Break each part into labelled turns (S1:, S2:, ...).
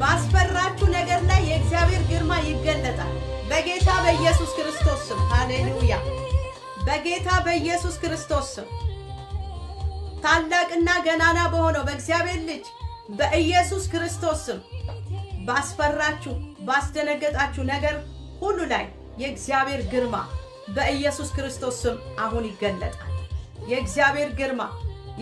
S1: ባስፈራችሁ ነገር ላይ የእግዚአብሔር ግርማ ይገለጣል። በጌታ በኢየሱስ ክርስቶስ ስም ሃሌሉያ። በጌታ በኢየሱስ ክርስቶስ ስም ታላቅና ገናና በሆነው በእግዚአብሔር ልጅ በኢየሱስ ክርስቶስ ስም ባስፈራችሁ ባስደነገጣችሁ ነገር ሁሉ ላይ የእግዚአብሔር ግርማ በኢየሱስ ክርስቶስ ስም አሁን ይገለጣል። የእግዚአብሔር ግርማ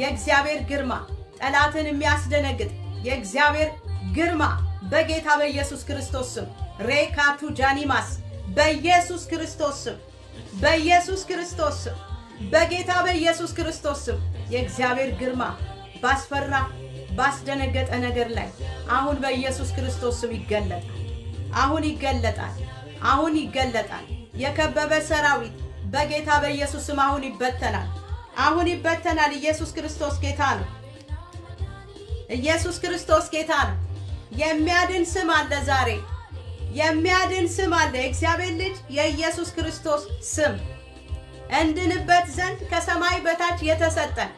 S1: የእግዚአብሔር ግርማ ጠላትን የሚያስደነግጥ የእግዚአብሔር ግርማ በጌታ በኢየሱስ ክርስቶስ ስም ሬካቱ ጃኒማስ በኢየሱስ ክርስቶስ ስም በኢየሱስ ክርስቶስ ስም በጌታ በኢየሱስ ክርስቶስ ስም የእግዚአብሔር ግርማ ባስፈራ ባስደነገጠ ነገር ላይ አሁን በኢየሱስ ክርስቶስ ስም ይገለጣል። አሁን ይገለጣል። አሁን ይገለጣል። የከበበ ሰራዊት በጌታ በኢየሱስ ስም አሁን ይበተናል። አሁን ይበተናል። ኢየሱስ ክርስቶስ ጌታ ነው። ኢየሱስ ክርስቶስ ጌታ ነው። የሚያድን ስም አለ። ዛሬ የሚያድን ስም አለ። የእግዚአብሔር ልጅ የኢየሱስ ክርስቶስ ስም እንድንበት ዘንድ ከሰማይ በታች የተሰጠን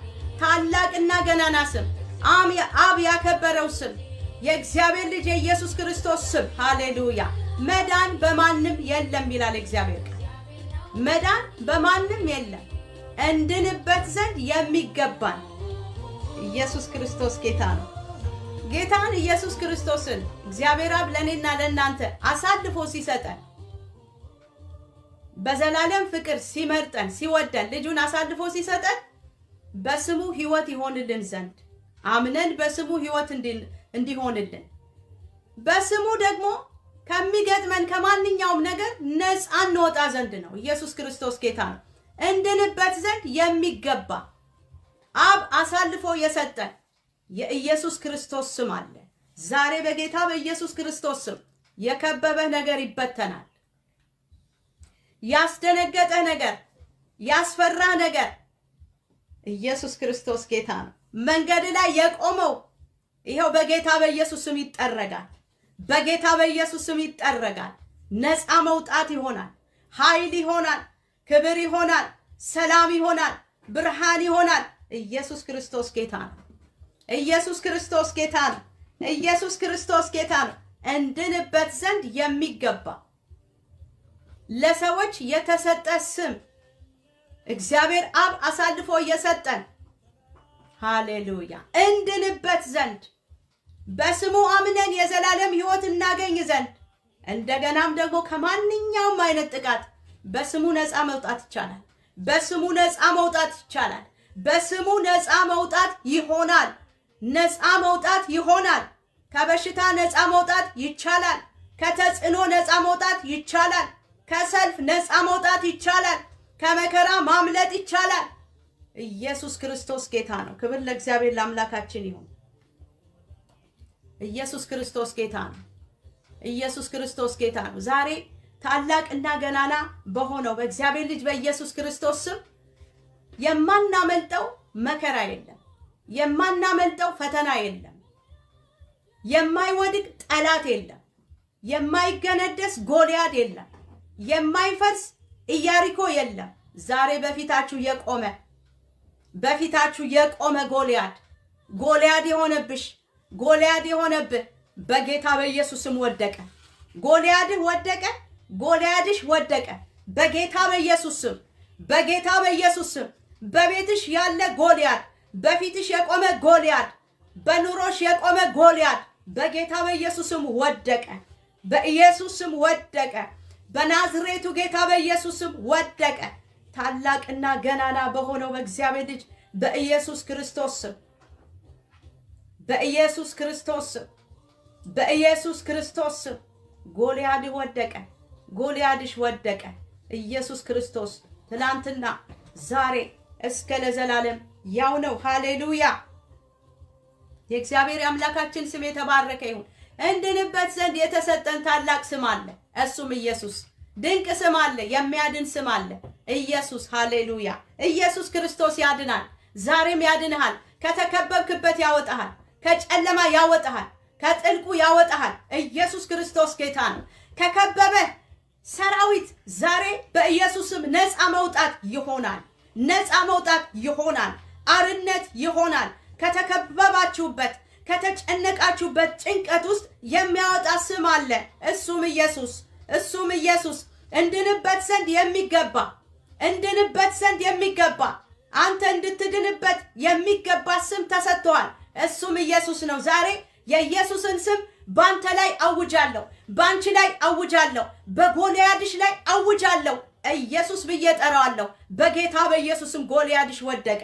S1: ታላቅና ገናና ስም አብ ያከበረው ስም የእግዚአብሔር ልጅ የኢየሱስ ክርስቶስ ስም ሃሌሉያ። መዳን በማንም የለም ይላል እግዚአብሔር ቃል። መዳን በማንም የለም እንድንበት ዘንድ የሚገባን ኢየሱስ ክርስቶስ ጌታ ነው። ጌታን ኢየሱስ ክርስቶስን እግዚአብሔር አብ ለእኔና ለእናንተ አሳልፎ ሲሰጠን በዘላለም ፍቅር ሲመርጠን ሲወደን ልጁን አሳልፎ ሲሰጠን በስሙ ሕይወት ይሆንልን ዘንድ አምነን በስሙ ሕይወት እንዲሆንልን በስሙ ደግሞ ከሚገጥመን ከማንኛውም ነገር ነፃ እንወጣ ዘንድ ነው። ኢየሱስ ክርስቶስ ጌታ ነው እንድንበት ዘንድ የሚገባ አብ አሳልፎ የሰጠን የኢየሱስ ክርስቶስ ስም አለ። ዛሬ በጌታ በኢየሱስ ክርስቶስ ስም የከበበህ ነገር ይበተናል። ያስደነገጠህ ነገር፣ ያስፈራህ ነገር ኢየሱስ ክርስቶስ ጌታ ነው። መንገድ ላይ የቆመው ይኸው በጌታ በኢየሱስ ስም ይጠረጋል። በጌታ በኢየሱስ ስም ይጠረጋል። ነፃ መውጣት ይሆናል። ኃይል ይሆናል። ክብር ይሆናል። ሰላም ይሆናል። ብርሃን ይሆናል። ኢየሱስ ክርስቶስ ጌታ ነው። ኢየሱስ ክርስቶስ ጌታ ነው። ኢየሱስ ክርስቶስ ጌታ ነው። እንድንበት ዘንድ የሚገባ ለሰዎች የተሰጠ ስም እግዚአብሔር አብ አሳልፎ የሰጠን ሃሌሉያ። እንድንበት ዘንድ በስሙ አምነን የዘላለም ሕይወት እናገኝ ዘንድ እንደገናም ደግሞ ከማንኛውም አይነት ጥቃት በስሙ ነፃ መውጣት ይቻላል። በስሙ ነፃ መውጣት ይቻላል። በስሙ ነፃ መውጣት ይሆናል። ነፃ መውጣት ይሆናል። ከበሽታ ነፃ መውጣት ይቻላል። ከተጽዕኖ ነፃ መውጣት ይቻላል። ከሰልፍ ነፃ መውጣት ይቻላል። ከመከራ ማምለጥ ይቻላል። ኢየሱስ ክርስቶስ ጌታ ነው። ክብር ለእግዚአብሔር ለአምላካችን ይሁን። ኢየሱስ ክርስቶስ ጌታ ነው። ኢየሱስ ክርስቶስ ጌታ ነው። ዛሬ ታላቅና ገናና በሆነው በእግዚአብሔር ልጅ በኢየሱስ ክርስቶስ ስም የማናመልጠው መከራ የለም። የማናመልጠው ፈተና የለም። የማይወድቅ ጠላት የለም። የማይገነደስ ጎልያድ የለም። የማይፈርስ ኢያሪኮ የለም። ዛሬ በፊታችሁ የቆመ በፊታችሁ የቆመ ጎልያድ ጎልያድ የሆነብሽ ጎልያድ የሆነብህ በጌታ በኢየሱስም ወደቀ። ጎልያድህ ወደቀ። ጎልያድሽ ወደቀ። በጌታ በኢየሱስም በጌታ በኢየሱስም በቤትሽ ያለ ጎልያድ በፊትሽ የቆመ ጎልያድ፣ በኑሮሽ የቆመ ጎልያድ በጌታ በኢየሱስም ወደቀ። በኢየሱስም ወደቀ። በናዝሬቱ ጌታ በኢየሱስም ወደቀ። ታላቅና ገናና በሆነው በእግዚአብሔር ልጅ በኢየሱስ ክርስቶስ ስም በኢየሱስ ክርስቶስ ስም በኢየሱስ ክርስቶስ ስም ጎልያድ ወደቀ። ጎልያድሽ ወደቀ። ኢየሱስ ክርስቶስ ትናንትና ዛሬ እስከ ለዘላለም ያው ነው። ሃሌሉያ! የእግዚአብሔር አምላካችን ስም የተባረከ ይሁን። እንድንበት ዘንድ የተሰጠን ታላቅ ስም አለ፣ እሱም ኢየሱስ። ድንቅ ስም አለ፣ የሚያድን ስም አለ፣ ኢየሱስ። ሃሌሉያ! ኢየሱስ ክርስቶስ ያድናል። ዛሬም ያድንሃል። ከተከበብክበት ያወጣሃል። ከጨለማ ያወጣሃል። ከጥልቁ ያወጣሃል። ኢየሱስ ክርስቶስ ጌታ ነው። ከከበበ ሰራዊት ዛሬ በኢየሱስም ነፃ መውጣት ይሆናል። ነፃ መውጣት ይሆናል። አርነት ይሆናል። ከተከበባችሁበት ከተጨነቃችሁበት ጭንቀት ውስጥ የሚያወጣ ስም አለ። እሱም ኢየሱስ እሱም ኢየሱስ እንድንበት ዘንድ የሚገባ እንድንበት ዘንድ የሚገባ አንተ እንድትድንበት የሚገባ ስም ተሰጥተዋል። እሱም ኢየሱስ ነው። ዛሬ የኢየሱስን ስም ባንተ ላይ አውጃለሁ፣ ባንቺ ላይ አውጃለሁ፣ በጎልያድሽ ላይ አውጃለሁ። ኢየሱስ ብዬ ጠራዋለሁ። በጌታ በኢየሱስም ጎልያድሽ ወደቀ።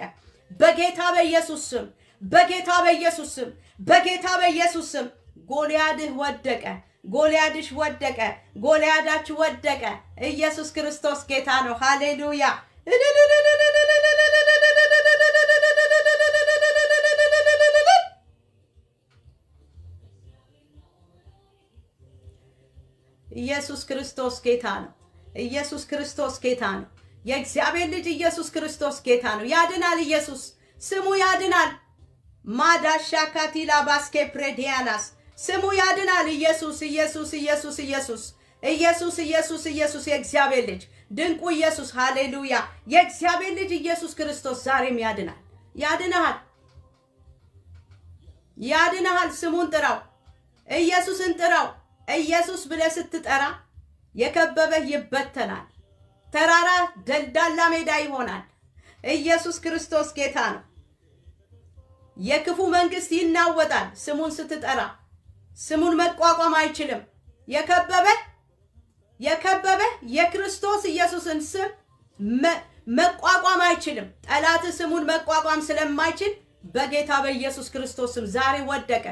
S1: በጌታ በኢየሱስ ስም በጌታ በኢየሱስ ስም በጌታ በኢየሱስ ስም ጎልያድህ ወደቀ። ጎልያድሽ ወደቀ። ጎልያዳች ወደቀ። ኢየሱስ ክርስቶስ ጌታ ነው። ሃሌሉያ ኢየሱስ ክርስቶስ ጌታ ነው። ኢየሱስ ክርስቶስ ጌታ ነው። የእግዚአብሔር ልጅ ኢየሱስ ክርስቶስ ጌታ ነው። ያድናል። ኢየሱስ ስሙ ያድናል። ማዳሻ ካቲላ ባስኬ ፕሬዲያናስ ስሙ ያድናል። ኢየሱስ ኢየሱስ ኢየሱስ ኢየሱስ ኢየሱስ ኢየሱስ ኢየሱስ የእግዚአብሔር ልጅ ድንቁ ኢየሱስ ሃሌሉያ። የእግዚአብሔር ልጅ ኢየሱስ ክርስቶስ ዛሬም ያድናል። ያድናሃል፣ ያድናሃል። ስሙን ጥራው፣ ኢየሱስን ጥራው። ኢየሱስ ብለህ ስትጠራ የከበበህ ይበተናል። ተራራ ደልዳላ ሜዳ ይሆናል። ኢየሱስ ክርስቶስ ጌታ ነው። የክፉ መንግስት ይናወጣል። ስሙን ስትጠራ ስሙን መቋቋም አይችልም። የከበበ የከበበ የክርስቶስ ኢየሱስን ስም መቋቋም አይችልም። ጠላት ስሙን መቋቋም ስለማይችል በጌታ በኢየሱስ ክርስቶስ ስም ዛሬ ወደቀ።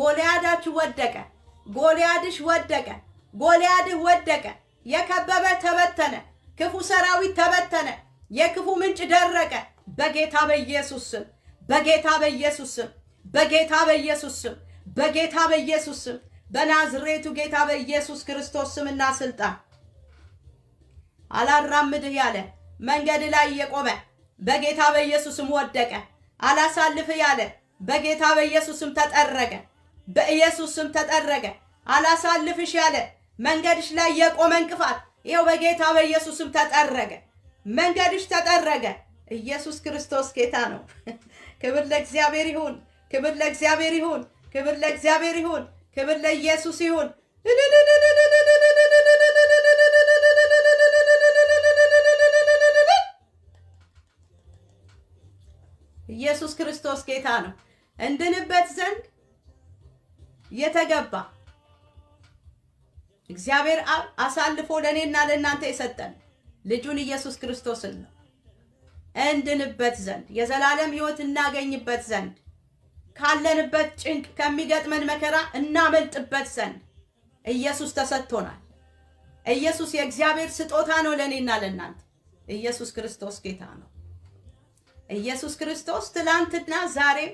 S1: ጎልያዳች ወደቀ። ጎልያድሽ ወደቀ። ጎልያድህ ወደቀ። የከበበ ተበተነ። ክፉ ሰራዊት ተበተነ፣ የክፉ ምንጭ ደረቀ። በጌታ በኢየሱስ ስም፣ በጌታ በኢየሱስ ስም፣ በጌታ በኢየሱስ ስም፣ በጌታ በኢየሱስ ስም፣ በናዝሬቱ ጌታ በኢየሱስ ክርስቶስ ስምና ስልጣን አላራምድህ ያለ መንገድ ላይ የቆመ በጌታ በኢየሱስም ወደቀ። አላሳልፍህ ያለ በጌታ በኢየሱስም ተጠረገ። በኢየሱስም ተጠረገ። አላሳልፍሽ ያለ መንገድሽ ላይ የቆመ እንቅፋት ይኸው በጌታ በኢየሱስም ተጠረገ፣ መንገድሽ ተጠረገ። ኢየሱስ ክርስቶስ ጌታ ነው። ክብር ለእግዚአብሔር ይሁን፣ ክብር ለእግዚአብሔር ይሁን፣ ክብር ለእግዚአብሔር ይሁን፣ ክብር ለኢየሱስ ይሁን። ኢየሱስ ክርስቶስ ጌታ ነው። እንድንበት ዘንድ የተገባ እግዚአብሔር አብ አሳልፎ ለእኔና ለእናንተ የሰጠን ልጁን ኢየሱስ ክርስቶስን ነው እንድንበት ዘንድ የዘላለም ሕይወት እናገኝበት ዘንድ ካለንበት ጭንቅ ከሚገጥመን መከራ እናመልጥበት ዘንድ ኢየሱስ ተሰጥቶናል። ኢየሱስ የእግዚአብሔር ስጦታ ነው ለእኔና ለእናንተ። ኢየሱስ ክርስቶስ ጌታ ነው። ኢየሱስ ክርስቶስ ትላንትና ዛሬም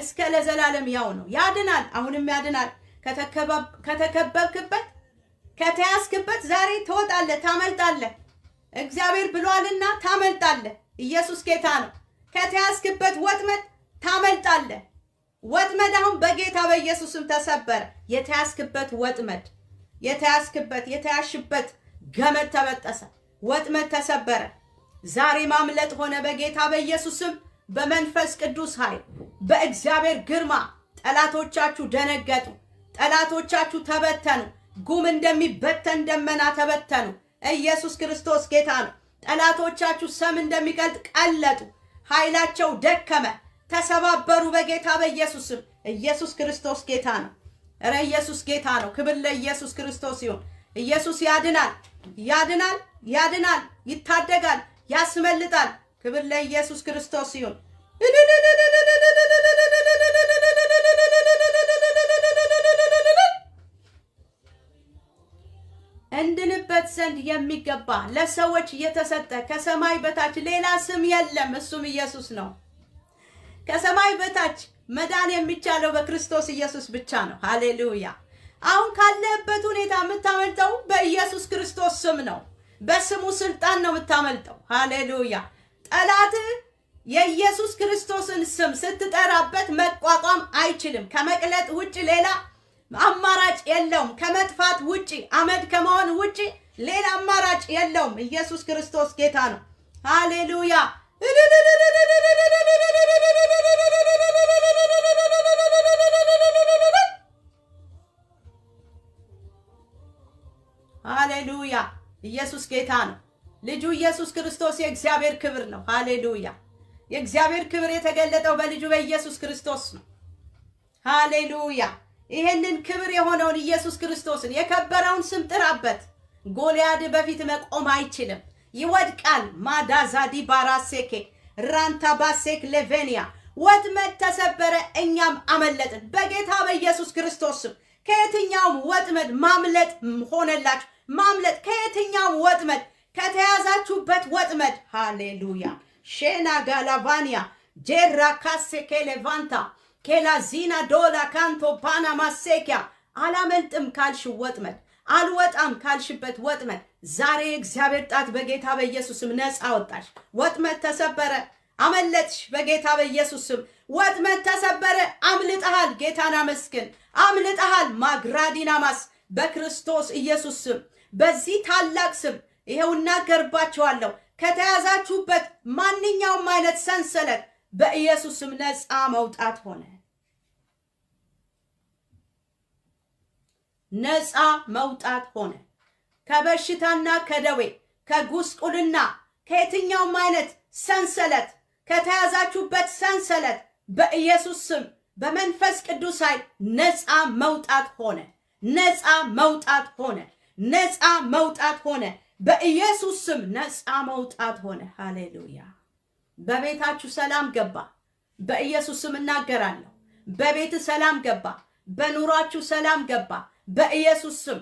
S1: እስከ ለዘላለም ያው ነው። ያድናል፣ አሁንም ያድናል። ከተከበብክበት ከተያዝክበት ዛሬ ትወጣለህ፣ ታመልጣለህ። እግዚአብሔር ብሏልና ታመልጣለህ። ኢየሱስ ጌታ ነው። ከተያዝክበት ወጥመድ ታመልጣለህ። ወጥመድ አሁን በጌታ በኢየሱስም ተሰበረ። የተያዝክበት ወጥመድ የተያዝክበት የተያሽበት ገመድ ተበጠሰ፣ ወጥመድ ተሰበረ። ዛሬ ማምለጥ ሆነ በጌታ በኢየሱስም በመንፈስ ቅዱስ ኃይል በእግዚአብሔር ግርማ ጠላቶቻችሁ ደነገጡ፣ ጠላቶቻችሁ ተበተኑ። ጉም እንደሚበተን ደመና ተበተኑ። ኢየሱስ ክርስቶስ ጌታ ነው። ጠላቶቻችሁ ሰም እንደሚቀልጥ ቀለጡ፣ ኃይላቸው ደከመ፣ ተሰባበሩ በጌታ በኢየሱስም። ኢየሱስ ክርስቶስ ጌታ ነው። እረ ኢየሱስ ጌታ ነው። ክብር ለኢየሱስ ክርስቶስ ይሁን። ኢየሱስ ያድናል፣ ያድናል፣ ያድናል፣ ይታደጋል፣ ያስመልጣል። ክብር ለኢየሱስ ክርስቶስ ይሁን። ይገለጥ ዘንድ የሚገባ ለሰዎች የተሰጠ ከሰማይ በታች ሌላ ስም የለም፣ እሱም ኢየሱስ ነው። ከሰማይ በታች መዳን የሚቻለው በክርስቶስ ኢየሱስ ብቻ ነው። ሃሌሉያ! አሁን ካለህበት ሁኔታ የምታመልጠው በኢየሱስ ክርስቶስ ስም ነው። በስሙ ስልጣን ነው የምታመልጠው። ሃሌሉያ! ጠላት የኢየሱስ ክርስቶስን ስም ስትጠራበት መቋቋም አይችልም። ከመቅለጥ ውጭ ሌላ አማራጭ የለውም። ከመጥፋት ውጪ አመድ ከመሆን ውጪ ሌላ አማራጭ የለውም። ኢየሱስ ክርስቶስ ጌታ ነው። ሃሌሉያ። ሃሌሉያ። ኢየሱስ ጌታ ነው። ልጁ ኢየሱስ ክርስቶስ የእግዚአብሔር ክብር ነው። ሃሌሉያ። የእግዚአብሔር ክብር የተገለጠው በልጁ በኢየሱስ ክርስቶስ ነው። ሃሌሉያ። ይሄንን ክብር የሆነውን ኢየሱስ ክርስቶስን የከበረውን ስም ጥራበት። ጎልያድ በፊት መቆም አይችልም፣ ይወድቃል። ማዳዛዲ ባራሴኬ ራንታ ባሴክ ሌቬንያ ወጥመድ ተሰበረ፣ እኛም አመለጥን። በጌታ በኢየሱስ ክርስቶስም ከየትኛውም ወጥመድ ማምለጥ ሆነላችሁ። ማምለጥ ከየትኛውም ወጥመድ ከተያዛችሁበት ወጥመድ ሃሌሉያ ሼና ጋላቫንያ ጄራ ካሴ ኬሌቫንታ ኬላዚና ዶላ ካንቶ ፓናማሴኪያ አላመልጥም ካልሽ ወጥመድ አልወጣም ካልሽበት ወጥመድ ዛሬ እግዚአብሔር ጣት በጌታ በኢየሱስም ነፃ አወጣሽ። ወጥመድ ተሰበረ፣ አመለጥሽ በጌታ በኢየሱስም። ወጥመድ ተሰበረ፣ አምልጠሃል። ጌታን አመስግን፣ አምልጠሃል። ማግራዲናማስ በክርስቶስ ኢየሱስ ስም፣ በዚህ ታላቅ ስም ይኸው እናገርባቸዋለሁ። ከተያዛችሁበት ማንኛውም አይነት ሰንሰለት በኢየሱስም ነፃ መውጣት ሆነ። ነፃ መውጣት ሆነ። ከበሽታና ከደዌ ከጉስቁልና ከየትኛውም አይነት ሰንሰለት ከተያዛችሁበት ሰንሰለት በኢየሱስ ስም በመንፈስ ቅዱስ ኃይል ነፃ መውጣት ሆነ። ነፃ መውጣት ሆነ። ነፃ መውጣት ሆነ። በኢየሱስ ስም ነፃ መውጣት ሆነ። ሃሌሉያ። በቤታችሁ ሰላም ገባ። በኢየሱስ ስም እናገራለሁ። በቤት ሰላም ገባ። በኑሯችሁ ሰላም ገባ። በኢየሱስ ስም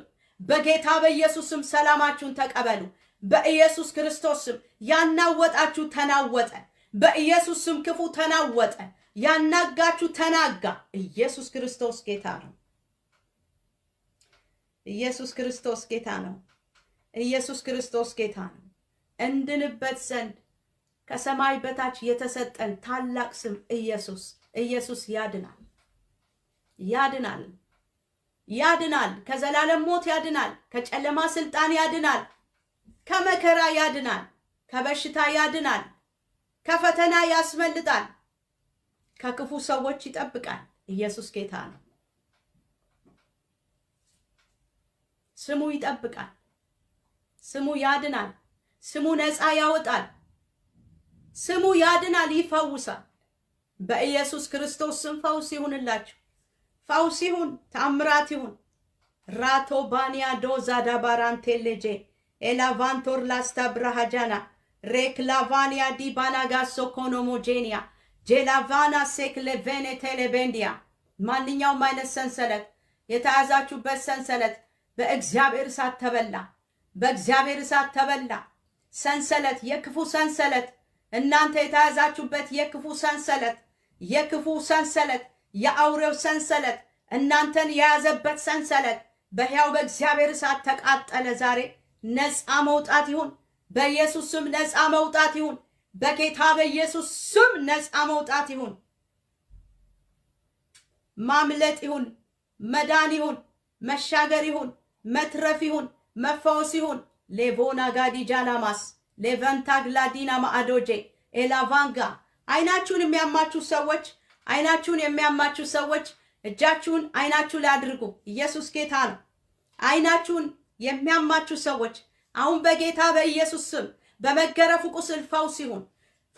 S1: በጌታ በኢየሱስ ስም ሰላማችሁን ተቀበሉ። በኢየሱስ ክርስቶስ ስም ያናወጣችሁ ተናወጠ። በኢየሱስ ስም ክፉ ተናወጠ። ያናጋችሁ ተናጋ። ኢየሱስ ክርስቶስ ጌታ ነው። ኢየሱስ ክርስቶስ ጌታ ነው። ኢየሱስ ክርስቶስ ጌታ ነው። እንድንበት ዘንድ ከሰማይ በታች የተሰጠን ታላቅ ስም ኢየሱስ ኢየሱስ ያድናል። ያድናል ያድናል ከዘላለም ሞት ያድናል፣ ከጨለማ ስልጣን ያድናል፣ ከመከራ ያድናል፣ ከበሽታ ያድናል፣ ከፈተና ያስመልጣል፣ ከክፉ ሰዎች ይጠብቃል። ኢየሱስ ጌታ ነው። ስሙ ይጠብቃል፣ ስሙ ያድናል፣ ስሙ ነፃ ያወጣል፣ ስሙ ያድናል፣ ይፈውሳል። በኢየሱስ ክርስቶስ ስም ፈውስ ይሁንላችሁ። ፈውስ ይሁን፣ ታምራት ይሁን። ራቶ ባንያ ዶዛ ዳባራንቴሌጄ ኤላቫንቶር ላስታ ብራሃጃና ሬክላቫንያ ዲባናጋሶ ጄንያ ጄላቫና ለቬኔ ቴሌቤንዲያ ማንኛውም አይነት ሰንሰለት የተያዛችሁበት ሰንሰለት በእግዚአብሔር እሳት ተበላ፣ በእግዚአብሔር እሳት ተበላ። ሰንሰለት የክፉ ሰንሰለት እናንተ የተያዛችሁበት የክፉ ሰንሰለት የክፉ ሰንሰለት የአውሬው ሰንሰለት እናንተን የያዘበት ሰንሰለት በሕያው በእግዚአብሔር እሳት ተቃጠለ። ዛሬ ነፃ መውጣት ይሁን፣ በኢየሱስ ስም ነፃ መውጣት ይሁን፣ በጌታ በኢየሱስ ስም ነፃ መውጣት ይሁን። ማምለጥ ይሁን፣ መዳን ይሁን፣ መሻገር ይሁን፣ መትረፍ ይሁን፣ መፈወስ ይሁን። ሌቮና ጃናማስ ሌቨንታ ግላዲና ማአዶጄ ኤላቫንጋ አይናችሁን የሚያማችሁ ሰዎች አይናችሁን የሚያማችሁ ሰዎች እጃችሁን አይናችሁ ላይ አድርጉ። ኢየሱስ ጌታ ነው። አይናችሁን የሚያማችሁ ሰዎች አሁን በጌታ በኢየሱስ ስም በመገረፉ ቁስል ፈውስ ይሁን።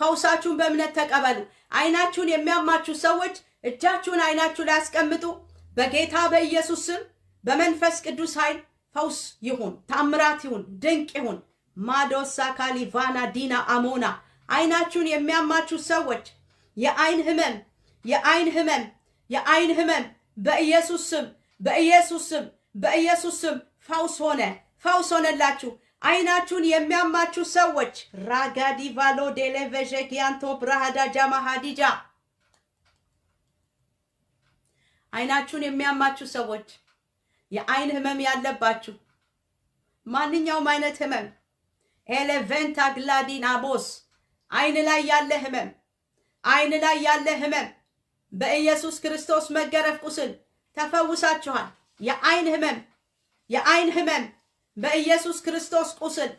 S1: ፈውሳችሁን በእምነት ተቀበሉ። አይናችሁን የሚያማችሁ ሰዎች እጃችሁን አይናችሁ ላይ አስቀምጡ። በጌታ በኢየሱስ ስም በመንፈስ ቅዱስ ኃይል ፈውስ ይሁን፣ ታምራት ይሁን፣ ድንቅ ይሁን። ማዶሳ ካሊቫና ዲና አሞና አይናችሁን የሚያማችሁ ሰዎች የአይን ህመም የአይን ህመም የአይን ህመም በኢየሱስ ስም በኢየሱስ ስም በኢየሱስ ስም ፈውስ ሆነ ፈውስ ሆነላችሁ። አይናችሁን የሚያማችሁ ሰዎች ራጋዲ ቫሎ ዴሌቬዠክ ያንቶ ብራሃዳ ጃማ ሃዲጃ አይናችሁን የሚያማችሁ ሰዎች የአይን ህመም ያለባችሁ ማንኛውም አይነት ህመም ኤሌቬንታ ግላዲን አቦስ አይን ላይ ያለ ህመም አይን ላይ ያለ ህመም በኢየሱስ ክርስቶስ መገረፍ ቁስል ተፈውሳችኋል። የአይን ህመም የአይን ህመም በኢየሱስ ክርስቶስ ቁስል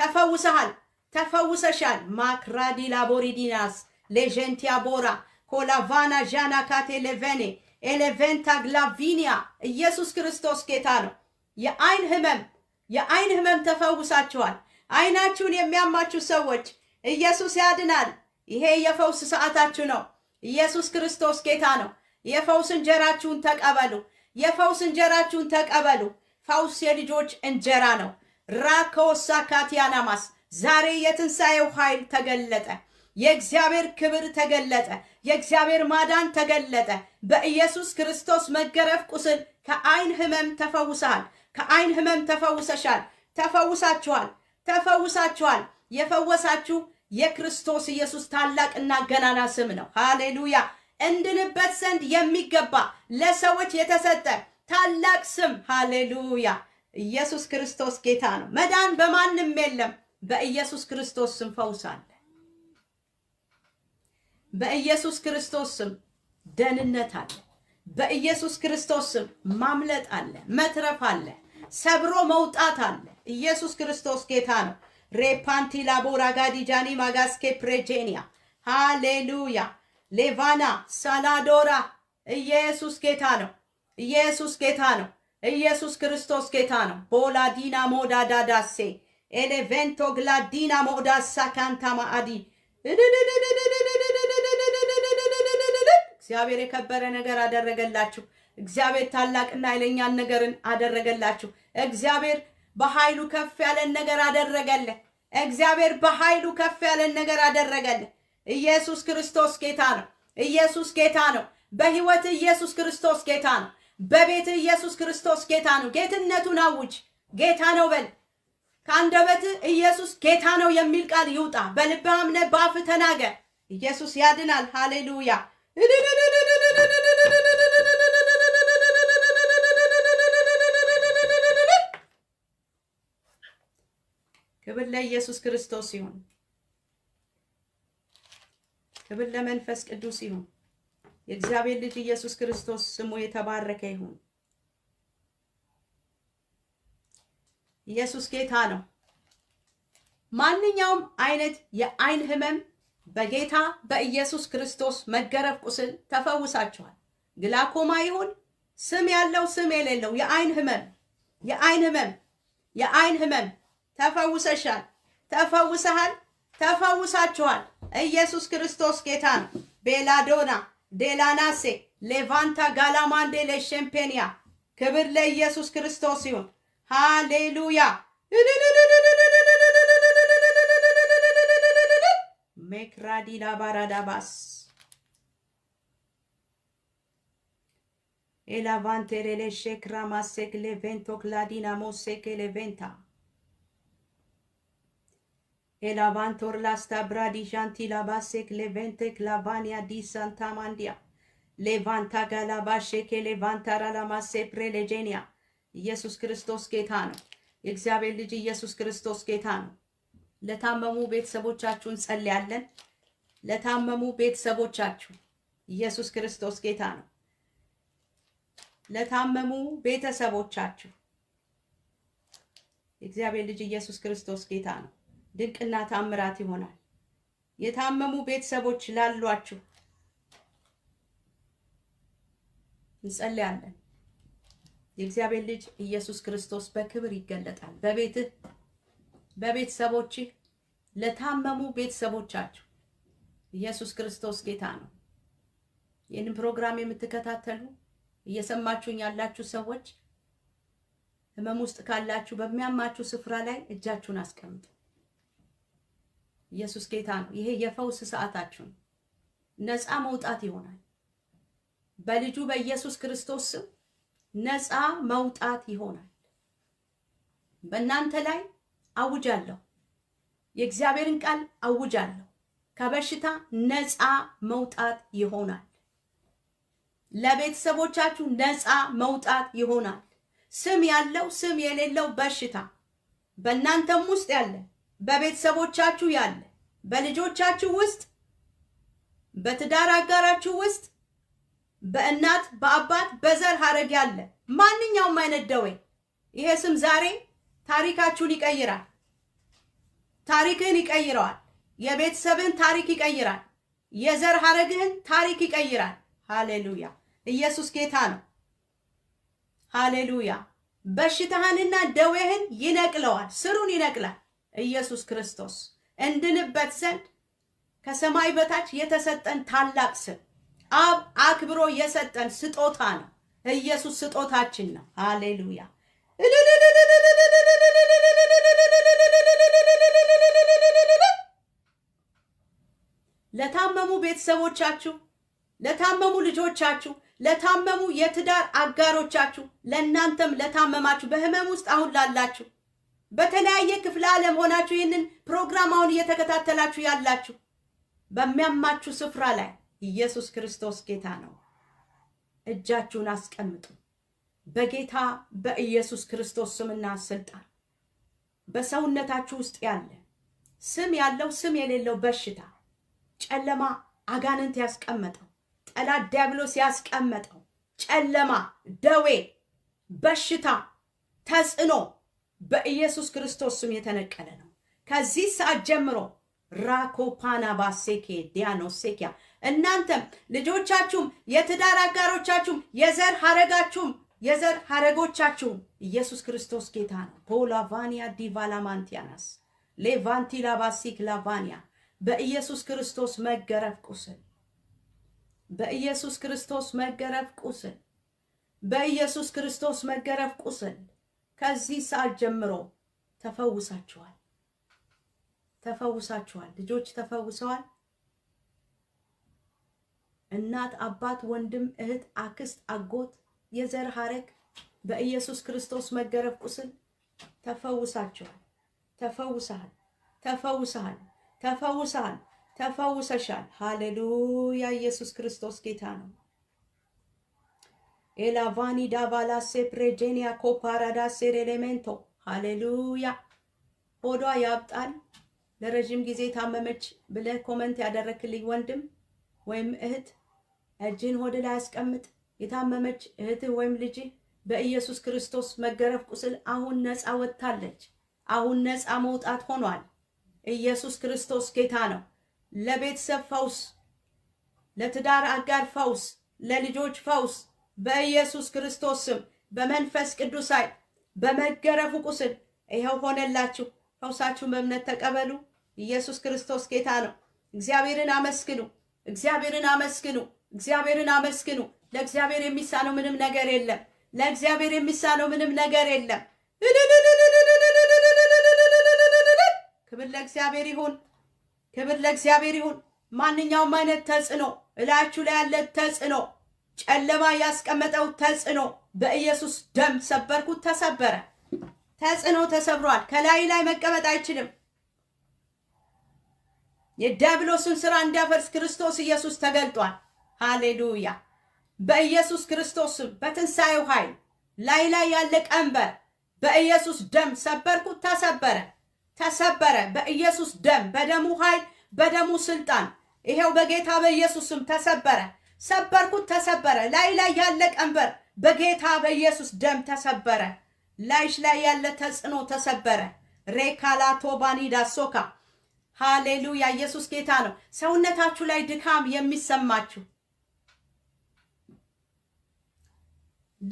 S1: ተፈውሰሃል፣ ተፈውሰሻል። ማክራዲ ላቦሪዲናስ ሌጀንቲያ ቦራ ኮላቫና ዣና ካቴ ሌቬኔ ኤሌቬንታ ግላቪኒያ ኢየሱስ ክርስቶስ ጌታ ነው። የአይን ህመም የአይን ህመም ተፈውሳችኋል። አይናችሁን የሚያማችሁ ሰዎች ኢየሱስ ያድናል። ይሄ የፈውስ ሰዓታችሁ ነው። ኢየሱስ ክርስቶስ ጌታ ነው። የፈውስ እንጀራችሁን ተቀበሉ። የፈውስ እንጀራችሁን ተቀበሉ። ፈውስ የልጆች እንጀራ ነው። ራከወሳ ካቲያናማስ ዛሬ የትንሣኤው ኃይል ተገለጠ። የእግዚአብሔር ክብር ተገለጠ። የእግዚአብሔር ማዳን ተገለጠ። በኢየሱስ ክርስቶስ መገረፍ ቁስል ከአይን ህመም ተፈውሰሃል። ከአይን ህመም ተፈውሰሻል። ተፈውሳችኋል። ተፈውሳችኋል። የፈወሳችሁ የክርስቶስ ኢየሱስ ታላቅና ገናና ስም ነው። ሃሌሉያ! እንድንበት ዘንድ የሚገባ ለሰዎች የተሰጠ ታላቅ ስም ሃሌሉያ! ኢየሱስ ክርስቶስ ጌታ ነው። መዳን በማንም የለም። በኢየሱስ ክርስቶስ ስም ፈውስ አለ። በኢየሱስ ክርስቶስ ስም ደህንነት አለ። በኢየሱስ ክርስቶስ ስም ማምለጥ አለ፣ መትረፍ አለ፣ ሰብሮ መውጣት አለ። ኢየሱስ ክርስቶስ ጌታ ነው። ሬፓንቲ ላቦራ ጋዲጃኒ ማጋስኬ ፕሬጄኒያ ሃሌሉያ ሌቫና ሳላዶራ ኢየሱስ ጌታ ነው። ኢየሱስ ጌታ ነው። ኢየሱስ ክርስቶስ ጌታ ነው። ቦላ ቦላዲና ሞዳ ዳዳሴ ኤሌቬንቶ ዲና ሞዳ ሳካንታ ማአዲ እግዚአብሔር የከበረ ነገር አደረገላችሁ። እግዚአብሔር ታላቅና ኃይለኛን ነገርን አደረገላችሁ። እግዚአብሔር በኃይሉ ከፍ ያለን ነገር አደረገልህ። እግዚአብሔር በኃይሉ ከፍ ያለን ነገር አደረገልህ። ኢየሱስ ክርስቶስ ጌታ ነው። ኢየሱስ ጌታ ነው። በህይወት ኢየሱስ ክርስቶስ ጌታ ነው። በቤት ኢየሱስ ክርስቶስ ጌታ ነው። ጌትነቱን አውጅ። ጌታ ነው በል። ከአንደበት ኢየሱስ ጌታ ነው የሚል ቃል ይውጣ። በልብህ አምነህ በአፍህ ተናገር። ኢየሱስ ያድናል። ሃሌሉያ ክብር ለኢየሱስ ክርስቶስ ይሁን። ክብር ለመንፈስ ቅዱስ ይሁን። የእግዚአብሔር ልጅ ኢየሱስ ክርስቶስ ስሙ የተባረከ ይሁን። ኢየሱስ ጌታ ነው። ማንኛውም አይነት የአይን ህመም በጌታ በኢየሱስ ክርስቶስ መገረፍ ቁስል ተፈውሳችኋል። ግላኮማ ይሁን ስም ያለው ስም የሌለው የአይን ህመም የአይን ህመም የአይን ህመም ተፈውሰሻል፣ ተፈውሰሃል፣ ተፈውሳችኋል። ኢየሱስ ክርስቶስ ጌታ ነው። ቤላዶና ዴላናሴ ሌቫንታ ጋላማንዴ ለሸምፔንያ ክብር ለኢየሱስ ክርስቶስ ይሁን። ሃሌሉያ ሜክራዲላ ባራዳባስ ኤላቫንቴሌሌ ሼክራማሴክ ሌቬንቶክ ላዲናሞሴክ ሌቬንታ ኤላቫንቶር ላስታ ብራዲ ዣንቲ ላባሴክ ሌቬንቴ ክላቫኒያ ዲ ሳንታ ማንዲያ ሌቫንታ ጋላባ ሼኬ ሌቫንታ ራላማሴ ፕሬሌጄኒያ ኢየሱስ ክርስቶስ ጌታ ነው። የእግዚአብሔር ልጅ ኢየሱስ ክርስቶስ ጌታ ነው። ለታመሙ ቤተሰቦቻችሁ እንጸልያለን። ለታመሙ ቤተሰቦቻችሁ ኢየሱስ ክርስቶስ ጌታ ነው። ለታመሙ ቤተሰቦቻችሁ የእግዚአብሔር ልጅ ኢየሱስ ክርስቶስ ጌታ ነው። ድንቅና ታምራት ይሆናል። የታመሙ ቤተሰቦች ላሏችሁ እንጸልያለን። የእግዚአብሔር ልጅ ኢየሱስ ክርስቶስ በክብር ይገለጣል። በቤትህ በቤተሰቦችህ ለታመሙ ቤተሰቦቻችሁ ኢየሱስ ክርስቶስ ጌታ ነው። ይህንን ፕሮግራም የምትከታተሉ እየሰማችሁኝ ያላችሁ ሰዎች ህመም ውስጥ ካላችሁ በሚያማችሁ ስፍራ ላይ እጃችሁን አስቀምጡ። ኢየሱስ ጌታ ነው። ይሄ የፈውስ ሰዓታችሁ ነፃ መውጣት ይሆናል። በልጁ በኢየሱስ ክርስቶስ ስም ነፃ መውጣት ይሆናል። በእናንተ ላይ አውጃለሁ፣ የእግዚአብሔርን ቃል አውጃለሁ። ከበሽታ ነፃ መውጣት ይሆናል። ለቤተሰቦቻችሁ ነፃ መውጣት ይሆናል። ስም ያለው ስም የሌለው በሽታ በእናንተም ውስጥ ያለ በቤተሰቦቻችሁ ያለ፣ በልጆቻችሁ ውስጥ፣ በትዳር አጋራችሁ ውስጥ፣ በእናት በአባት በዘር ሀረግ ያለ ማንኛውም አይነት ደዌ ይሄ ስም ዛሬ ታሪካችሁን ይቀይራል። ታሪክህን ይቀይረዋል። የቤተሰብህን ታሪክ ይቀይራል። የዘር ሀረግህን ታሪክ ይቀይራል። ሃሌሉያ! ኢየሱስ ጌታ ነው። ሃሌሉያ! በሽታህንና ደዌህን ይነቅለዋል። ስሩን ይነቅላል። ኢየሱስ ክርስቶስ እንድንበት ዘንድ ከሰማይ በታች የተሰጠን ታላቅ ስም አብ አክብሮ የሰጠን ስጦታ ነው። ኢየሱስ ስጦታችን ነው። ሃሌሉያ! ለታመሙ ቤተሰቦቻችሁ፣ ለታመሙ ልጆቻችሁ፣ ለታመሙ የትዳር አጋሮቻችሁ፣ ለእናንተም ለታመማችሁ በህመም ውስጥ አሁን ላላችሁ በተለያየ ክፍለ ዓለም ሆናችሁ ይህንን ፕሮግራም አሁን እየተከታተላችሁ ያላችሁ በሚያማችሁ ስፍራ ላይ ኢየሱስ ክርስቶስ ጌታ ነው። እጃችሁን አስቀምጡ። በጌታ በኢየሱስ ክርስቶስ ስምና ስልጣን በሰውነታችሁ ውስጥ ያለ ስም ያለው ስም የሌለው በሽታ፣ ጨለማ፣ አጋንንት ያስቀመጠው ጠላት ዲያብሎስ ያስቀመጠው ጨለማ፣ ደዌ፣ በሽታ፣ ተጽዕኖ በኢየሱስ ክርስቶስ ስም የተነቀለ ነው። ከዚህ ሰዓት ጀምሮ ራኮፓና ባሴኬ ዲያኖሴኪያ እናንተም ልጆቻችሁም የትዳር አጋሮቻችሁም የዘር ሀረጋችሁም የዘር ሀረጎቻችሁም ኢየሱስ ክርስቶስ ጌታ ነው። ፖላቫኒያ ዲቫላማንቲያናስ ሌቫንቲ ላባሲክ ላቫኒያ በኢየሱስ ክርስቶስ መገረፍ ቁስል በኢየሱስ ክርስቶስ መገረፍ ቁስል በኢየሱስ ክርስቶስ መገረፍ ቁስል ከዚህ ሰዓት ጀምሮ ተፈውሳችኋል፣ ተፈውሳችኋል። ልጆች ተፈውሰዋል። እናት፣ አባት፣ ወንድም፣ እህት፣ አክስት፣ አጎት፣ የዘር ሐረግ በኢየሱስ ክርስቶስ መገረፍ ቁስል ተፈውሳችኋል፣ ተፈውሰሃል፣ ተፈውሰሃል፣ ተፈውሰሃል፣ ተፈውሰሻል። ሃሌሉያ! ኢየሱስ ክርስቶስ ጌታ ነው። elavani davala sepregenia ኮፓራዳ ሴር ኤሌሜንቶ ሃሌሉያ። ሆዷ ያብጣል ለረዥም ጊዜ ታመመች ብለህ ኮመንት ያደረክልኝ ወንድም ወይም እህት እጅን ሆድ ላይ አስቀምጥ። የታመመች እህትህ ወይም ልጅህ በኢየሱስ ክርስቶስ መገረፍ ቁስል አሁን ነፃ ወጥታለች። አሁን ነፃ መውጣት ሆኗል። ኢየሱስ ክርስቶስ ጌታ ነው። ለቤተሰብ ፈውስ፣ ለትዳር አጋር ፈውስ፣ ለልጆች ፈውስ በኢየሱስ ክርስቶስ ስም በመንፈስ ቅዱስ ኃይል በመገረፉ ቁስል ይኸው ሆነላችሁ። ፈውሳችሁ በእምነት ተቀበሉ። ኢየሱስ ክርስቶስ ጌታ ነው። እግዚአብሔርን አመስግኑ። እግዚአብሔርን አመስግኑ። እግዚአብሔርን አመስግኑ። ለእግዚአብሔር የሚሳነው ምንም ነገር የለም። ለእግዚአብሔር የሚሳነው ምንም ነገር የለም። ክብር ለእግዚአብሔር ይሁን። ክብር ለእግዚአብሔር ይሁን። ማንኛውም አይነት ተጽዕኖ እላችሁ ላይ ያለ ተጽዕኖ ጨለማ ያስቀመጠው ተጽዕኖ በኢየሱስ ደም ሰበርኩት፣ ተሰበረ። ተጽዕኖ ተሰብሯል። ከላይ ላይ መቀመጥ አይችልም። የዲያብሎስን ስራ እንዲያፈርስ ክርስቶስ ኢየሱስ ተገልጧል። ሃሌሉያ! በኢየሱስ ክርስቶስም በትንሣኤው ኃይል ላይ ላይ ያለ ቀንበር በኢየሱስ ደም ሰበርኩት፣ ተሰበረ፣ ተሰበረ። በኢየሱስ ደም፣ በደሙ ኃይል፣ በደሙ ስልጣን ይሄው በጌታ በኢየሱስም ተሰበረ። ሰበርኩት፣ ተሰበረ። ላይ ላይ ያለ ቀንበር በጌታ በኢየሱስ ደም ተሰበረ። ላይሽ ላይ ያለ ተጽዕኖ ተሰበረ። ሬካላ ቶባኒ ዳሶካ ሃሌሉያ! ኢየሱስ ጌታ ነው። ሰውነታችሁ ላይ ድካም የሚሰማችሁ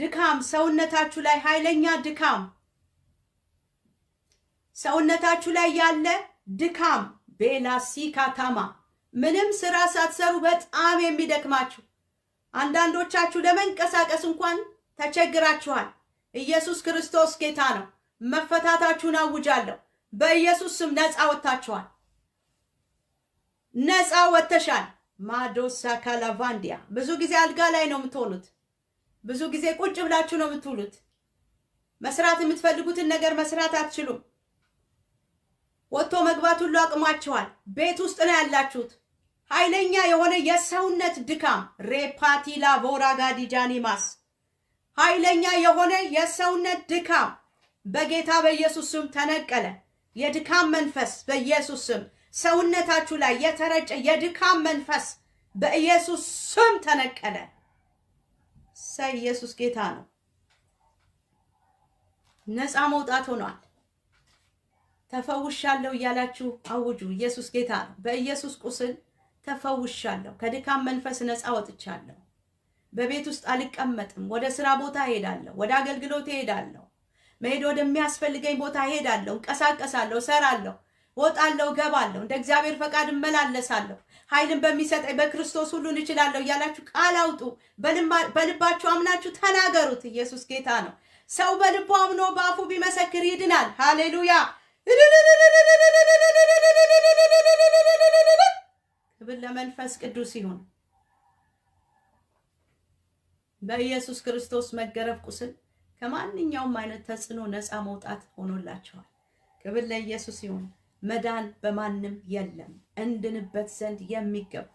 S1: ድካም ሰውነታችሁ ላይ ኃይለኛ ድካም ሰውነታችሁ ላይ ያለ ድካም ቤላሲ ካታማ ምንም ስራ ሳትሰሩ በጣም የሚደክማችሁ አንዳንዶቻችሁ ለመንቀሳቀስ እንኳን ተቸግራችኋል። ኢየሱስ ክርስቶስ ጌታ ነው። መፈታታችሁን አውጃለሁ። በኢየሱስ ስም ነፃ ወጥታችኋል። ነፃ ወጥተሻል። ማዶሳ ካላቫንዲያ ብዙ ጊዜ አልጋ ላይ ነው የምትሆኑት። ብዙ ጊዜ ቁጭ ብላችሁ ነው የምትውሉት። መስራት የምትፈልጉትን ነገር መስራት አትችሉም። ወጥቶ መግባት ሁሉ አቅሟችኋል። ቤት ውስጥ ነው ያላችሁት። ኃይለኛ የሆነ የሰውነት ድካም ሬፓቲላ ቦራጋዲጃኒማስ ኃይለኛ የሆነ የሰውነት ድካም በጌታ በኢየሱስ ስም ተነቀለ። የድካም መንፈስ በኢየሱስ ስም ሰውነታችሁ ላይ የተረጨ የድካም መንፈስ በኢየሱስ ስም ተነቀለ። ሳይ ኢየሱስ ጌታ ነው። ነፃ መውጣት ሆኗል። ተፈውሻለሁ እያላችሁ አውጁ። ኢየሱስ ጌታ ነው። በኢየሱስ ቁስል ተፈውሻለሁ። ከድካም መንፈስ ነፃ ወጥቻለሁ። በቤት ውስጥ አልቀመጥም። ወደ ስራ ቦታ ሄዳለሁ። ወደ አገልግሎት ሄዳለሁ። መሄድ ወደሚያስፈልገኝ ቦታ ሄዳለሁ። እንቀሳቀሳለሁ፣ እሰራለሁ፣ ወጣለሁ፣ ገባለሁ። እንደ እግዚአብሔር ፈቃድ እመላለሳለሁ። ኃይልን በሚሰጠኝ በክርስቶስ ሁሉን እችላለሁ እያላችሁ ቃል አውጡ። በልባችሁ አምናችሁ ተናገሩት። ኢየሱስ ጌታ ነው። ሰው በልቡ አምኖ በአፉ ቢመሰክር ይድናል። ሃሌሉያ ክብር ለመንፈስ ቅዱስ ይሁን። በኢየሱስ ክርስቶስ መገረፍ ቁስል ከማንኛውም አይነት ተጽዕኖ ነፃ መውጣት ሆኖላቸዋል። ክብር ለኢየሱስ ይሁን። መዳን በማንም የለም፣ እንድንበት ዘንድ የሚገባ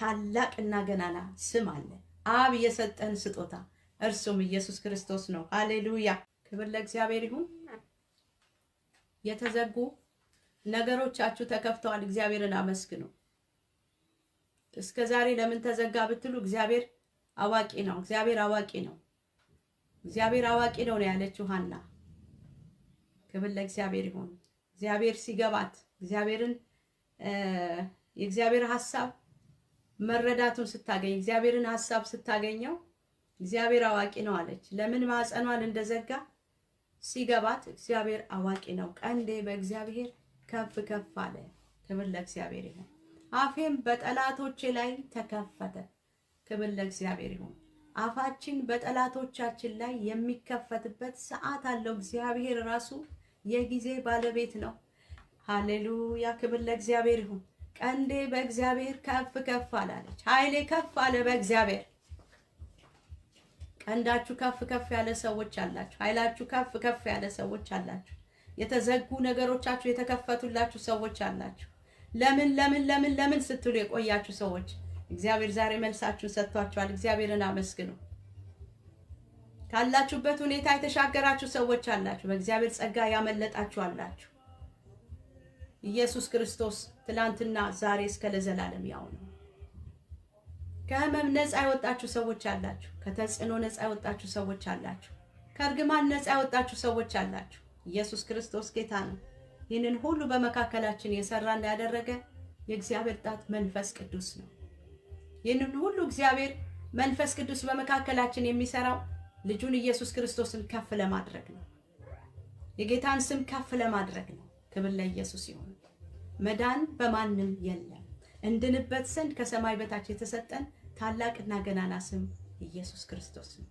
S1: ታላቅና ገናና ስም አለ። አብ የሰጠን ስጦታ እርሱም ኢየሱስ ክርስቶስ ነው። ሃሌሉያ! ክብር ለእግዚአብሔር ይሁን። የተዘጉ ነገሮቻችሁ ተከፍተዋል። እግዚአብሔርን አመስግኑ። እስከ ዛሬ ለምን ተዘጋ ብትሉ እግዚአብሔር አዋቂ ነው። እግዚአብሔር አዋቂ ነው። እግዚአብሔር አዋቂ ነው ነው ያለችው ሐና። ክብር ለእግዚአብሔር ይሁን። እግዚአብሔር ሲገባት እግዚአብሔርን የእግዚአብሔር ሐሳብ መረዳቱን ስታገኝ እግዚአብሔርን ሐሳብ ስታገኘው እግዚአብሔር አዋቂ ነው አለች። ለምን ማህፀኗን እንደዘጋ ሲገባት እግዚአብሔር አዋቂ ነው። ቀንዴ በእግዚአብሔር ከፍ ከፍ አለ። ክብር ለእግዚአብሔር ይሁን። አፌም በጠላቶቼ ላይ ተከፈተ። ክብር ለእግዚአብሔር ይሁን። አፋችን በጠላቶቻችን ላይ የሚከፈትበት ሰዓት አለው። እግዚአብሔር ራሱ የጊዜ ባለቤት ነው። ሃሌሉያ! ክብር ለእግዚአብሔር ይሁን። ቀንዴ በእግዚአብሔር ከፍ ከፍ አላለች፣ ኃይሌ ከፍ አለ በእግዚአብሔር። ቀንዳችሁ ከፍ ከፍ ያለ ሰዎች አላችሁ። ኃይላችሁ ከፍ ከፍ ያለ ሰዎች አላችሁ። የተዘጉ ነገሮቻችሁ የተከፈቱላችሁ ሰዎች አላችሁ። ለምን ለምን ለምን ለምን ስትሉ የቆያችሁ ሰዎች እግዚአብሔር ዛሬ መልሳችሁን ሰጥቷችኋል። እግዚአብሔርን አመስግኑ። ካላችሁበት ሁኔታ የተሻገራችሁ ሰዎች አላችሁ። በእግዚአብሔር ጸጋ ያመለጣችሁ አላችሁ። ኢየሱስ ክርስቶስ ትላንትና፣ ዛሬ እስከ ለዘላለም ያው ነው። ከህመም ነፃ የወጣችሁ ሰዎች አላችሁ። ከተጽዕኖ ነፃ የወጣችሁ ሰዎች አላችሁ። ከእርግማን ነፃ የወጣችሁ ሰዎች አላችሁ። ኢየሱስ ክርስቶስ ጌታ ነው። ይህንን ሁሉ በመካከላችን የሰራና ያደረገ የእግዚአብሔር ጣት መንፈስ ቅዱስ ነው። ይህንን ሁሉ እግዚአብሔር መንፈስ ቅዱስ በመካከላችን የሚሰራው ልጁን ኢየሱስ ክርስቶስን ከፍ ለማድረግ ነው። የጌታን ስም ከፍ ለማድረግ ነው። ክብር ለኢየሱስ ይሁን። መዳን በማንም የለም እንድንበት ዘንድ ከሰማይ በታች የተሰጠን ታላቅና ገናና ስም ኢየሱስ ክርስቶስ ነው።